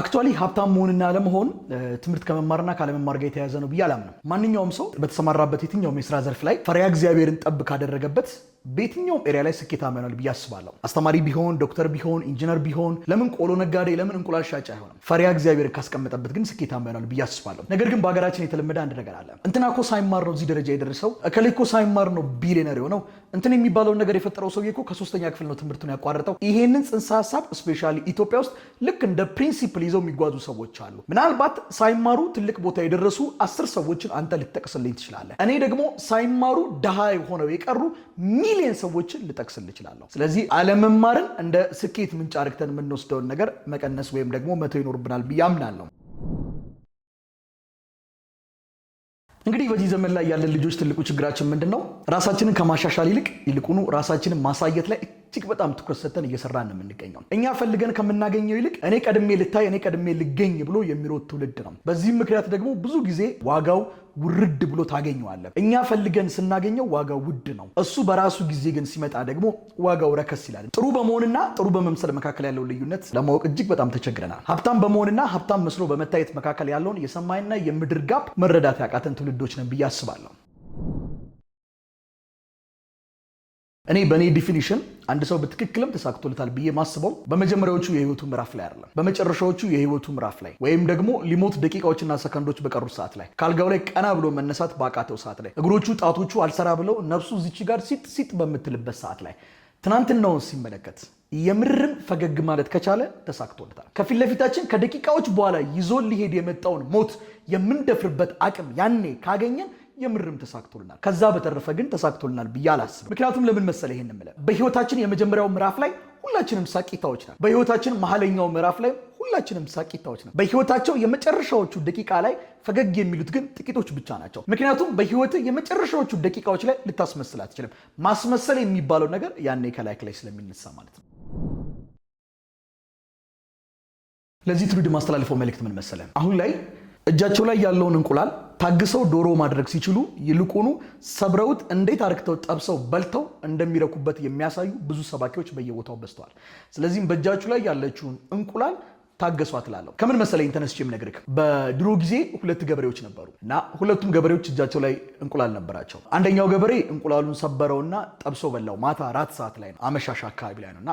አክቹዋሊ ሀብታም መሆንና ለመሆን ትምህርት ከመማርና ካለመማር ጋር የተያያዘ ነው ብዬ አላምንም። ማንኛውም ሰው በተሰማራበት የትኛውም የስራ ዘርፍ ላይ ፈሪሃ እግዚአብሔርን ጠብ ካደረገበት በየትኛውም ኤሪያ ላይ ስኬታማ ይሆናል ብዬ አስባለሁ። አስተማሪ ቢሆን፣ ዶክተር ቢሆን፣ ኢንጂነር ቢሆን፣ ለምን ቆሎ ነጋዴ፣ ለምን እንቁላል ሻጭ አይሆንም? ፈሪያ እግዚአብሔር ካስቀመጠበት ግን ስኬታማ ይሆናል ብዬ አስባለሁ። ነገር ግን በሀገራችን የተለመደ አንድ ነገር አለ። እንትና እኮ ሳይማር ነው እዚህ ደረጃ የደረሰው፣ እከሌ እኮ ሳይማር ነው ቢሊነር የሆነው፣ እንትን የሚባለውን ነገር የፈጠረው ሰውዬ እኮ ከሶስተኛ ክፍል ነው ትምህርቱን ያቋረጠው። ይሄንን ጽንሰ ሀሳብ ስፔሻሊ ኢትዮጵያ ውስጥ ልክ እንደ ፕሪንሲፕል ይዘው የሚጓዙ ሰዎች አሉ። ምናልባት ሳይማሩ ትልቅ ቦታ የደረሱ አስር ሰዎችን አንተ ልትጠቅስልኝ ትችላለህ። እኔ ደግሞ ሳይማሩ ድሃ ሆነው የቀሩ ሚ ሚሊየን ሰዎችን ልጠቅስል እችላለሁ። ስለዚህ አለመማርን እንደ ስኬት ምንጭ አርግተን የምንወስደውን ነገር መቀነስ ወይም ደግሞ መተው ይኖርብናል ብዬ አምናለሁ። እንግዲህ በዚህ ዘመን ላይ ያለን ልጆች ትልቁ ችግራችን ምንድን ነው? ራሳችንን ከማሻሻል ይልቅ ይልቁኑ ራሳችንን ማሳየት ላይ እጅግ በጣም ትኩረት ሰጥተን እየሰራን ነው የምንገኘው። እኛ ፈልገን ከምናገኘው ይልቅ እኔ ቀድሜ ልታይ፣ እኔ ቀድሜ ልገኝ ብሎ የሚሮጥ ትውልድ ነው። በዚህም ምክንያት ደግሞ ብዙ ጊዜ ዋጋው ውርድ ብሎ ታገኘዋለን። እኛ ፈልገን ስናገኘው ዋጋው ውድ ነው። እሱ በራሱ ጊዜ ግን ሲመጣ ደግሞ ዋጋው ረከስ ይላል። ጥሩ በመሆንና ጥሩ በመምሰል መካከል ያለው ልዩነት ለማወቅ እጅግ በጣም ተቸግረናል። ሀብታም በመሆንና ሀብታም መስሎ በመታየት መካከል ያለውን የሰማይና የምድር ጋፕ መረዳት ያቃተን ትውልዶች ነን ብዬ አስባለሁ። እኔ በእኔ ዲፊኒሽን አንድ ሰው በትክክልም ተሳክቶለታል ብዬ ማስበው በመጀመሪያዎቹ የህይወቱ ምዕራፍ ላይ አይደለም፣ በመጨረሻዎቹ የህይወቱ ምዕራፍ ላይ ወይም ደግሞ ሊሞት ደቂቃዎችና ሰከንዶች በቀሩት ሰዓት ላይ ካልጋው ላይ ቀና ብሎ መነሳት ባቃተው ሰዓት ላይ እግሮቹ ጣቶቹ አልሰራ ብለው ነፍሱ ዝቺ ጋር ሲጥ ሲጥ በምትልበት ሰዓት ላይ ትናንትናውን ሲመለከት የምርም ፈገግ ማለት ከቻለ ተሳክቶለታል። ከፊት ለፊታችን ከደቂቃዎች በኋላ ይዞ ሊሄድ የመጣውን ሞት የምንደፍርበት አቅም ያኔ ካገኘን የምርም ተሳክቶልናል። ከዛ በተረፈ ግን ተሳክቶልናል ብዬ አላስብም። ምክንያቱም ለምን መሰለ ይሄን ምለ በህይወታችን የመጀመሪያው ምዕራፍ ላይ ሁላችንም ሳቂታዎች ናል። በህይወታችን መሀለኛው ምዕራፍ ላይ ሁላችንም ሳቂታዎች ናል። በህይወታቸው የመጨረሻዎቹ ደቂቃ ላይ ፈገግ የሚሉት ግን ጥቂቶች ብቻ ናቸው። ምክንያቱም በህይወት የመጨረሻዎቹ ደቂቃዎች ላይ ልታስመስል አትችልም። ማስመሰል የሚባለው ነገር ያኔ ከላይ ከላይ ስለሚነሳ ማለት ነው። ለዚህ ትውልድ ማስተላለፈው መልእክት ምን መሰለ አሁን ላይ እጃቸው ላይ ያለውን እንቁላል ታግሰው ዶሮ ማድረግ ሲችሉ ይልቁኑ ሰብረውት እንዴት አርክተው ጠብሰው በልተው እንደሚረኩበት የሚያሳዩ ብዙ ሰባኪዎች በየቦታው በዝተዋል። ስለዚህም በእጃችሁ ላይ ያለችውን እንቁላል ታገሷ ትላለሁ ከምን መሰለኝ ተነስቼ የምነግርህ፣ በድሮ ጊዜ ሁለት ገበሬዎች ነበሩ እና ሁለቱም ገበሬዎች እጃቸው ላይ እንቁላል ነበራቸው። አንደኛው ገበሬ እንቁላሉን ሰበረውና ጠብሶ በላው። ማታ አራት ሰዓት ላይ ነው፣ አመሻሽ አካባቢ ላይ ነው እና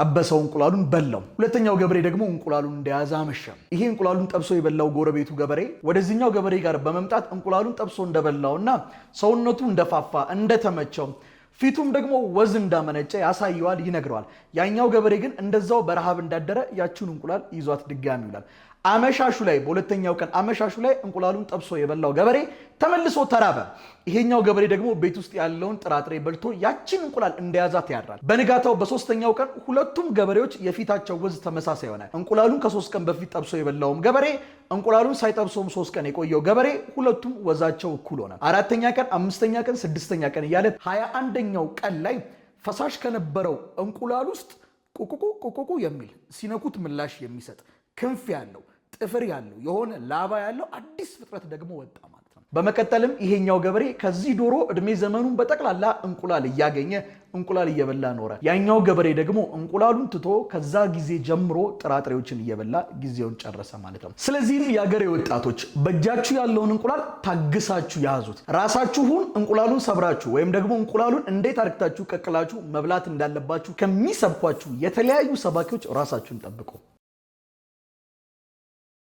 ጠበሰው፣ እንቁላሉን በላው። ሁለተኛው ገበሬ ደግሞ እንቁላሉን እንደያዘ አመሸ። ይሄ እንቁላሉን ጠብሶ የበላው ጎረቤቱ ገበሬ ወደዚህኛው ገበሬ ጋር በመምጣት እንቁላሉን ጠብሶ እንደበላውና ሰውነቱ እንደፋፋ እንደተመቸው ፊቱም ደግሞ ወዝ እንዳመነጨ ያሳየዋል፣ ይነግረዋል። ያኛው ገበሬ ግን እንደዛው በረሃብ እንዳደረ ያችን እንቁላል ይዟት ድጋሚ ይውላል። አመሻሹ ላይ በሁለተኛው ቀን አመሻሹ ላይ እንቁላሉን ጠብሶ የበላው ገበሬ ተመልሶ ተራበ። ይሄኛው ገበሬ ደግሞ ቤት ውስጥ ያለውን ጥራጥሬ በልቶ ያችን እንቁላል እንደያዛት ያድራል። በንጋታው በሶስተኛው ቀን ሁለቱም ገበሬዎች የፊታቸው ወዝ ተመሳሳይ ሆነ። እንቁላሉን ከሶስት ቀን በፊት ጠብሶ የበላውም ገበሬ፣ እንቁላሉን ሳይጠብሶም ሶስት ቀን የቆየው ገበሬ፣ ሁለቱም ወዛቸው እኩል ሆነ። አራተኛ ቀን፣ አምስተኛ ቀን፣ ስድስተኛ ቀን እያለ ሀያ አንደኛው ቀን ላይ ፈሳሽ ከነበረው እንቁላል ውስጥ ቁቁቁ ቁቁቁ የሚል ሲነኩት ምላሽ የሚሰጥ ክንፍ ያለው ጥፍር ያለው የሆነ ላባ ያለው አዲስ ፍጥረት ደግሞ ወጣ ማለት ነው። በመቀጠልም ይሄኛው ገበሬ ከዚህ ዶሮ እድሜ ዘመኑን በጠቅላላ እንቁላል እያገኘ እንቁላል እየበላ ኖረ። ያኛው ገበሬ ደግሞ እንቁላሉን ትቶ ከዛ ጊዜ ጀምሮ ጥራጥሬዎችን እየበላ ጊዜውን ጨረሰ ማለት ነው። ስለዚህም የአገሬ ወጣቶች በእጃችሁ ያለውን እንቁላል ታግሳችሁ ያዙት። ራሳችሁን እንቁላሉን ሰብራችሁ ወይም ደግሞ እንቁላሉን እንዴት አርግታችሁ ቀቅላችሁ መብላት እንዳለባችሁ ከሚሰብኳችሁ የተለያዩ ሰባኪዎች ራሳችሁን ጠብቁ።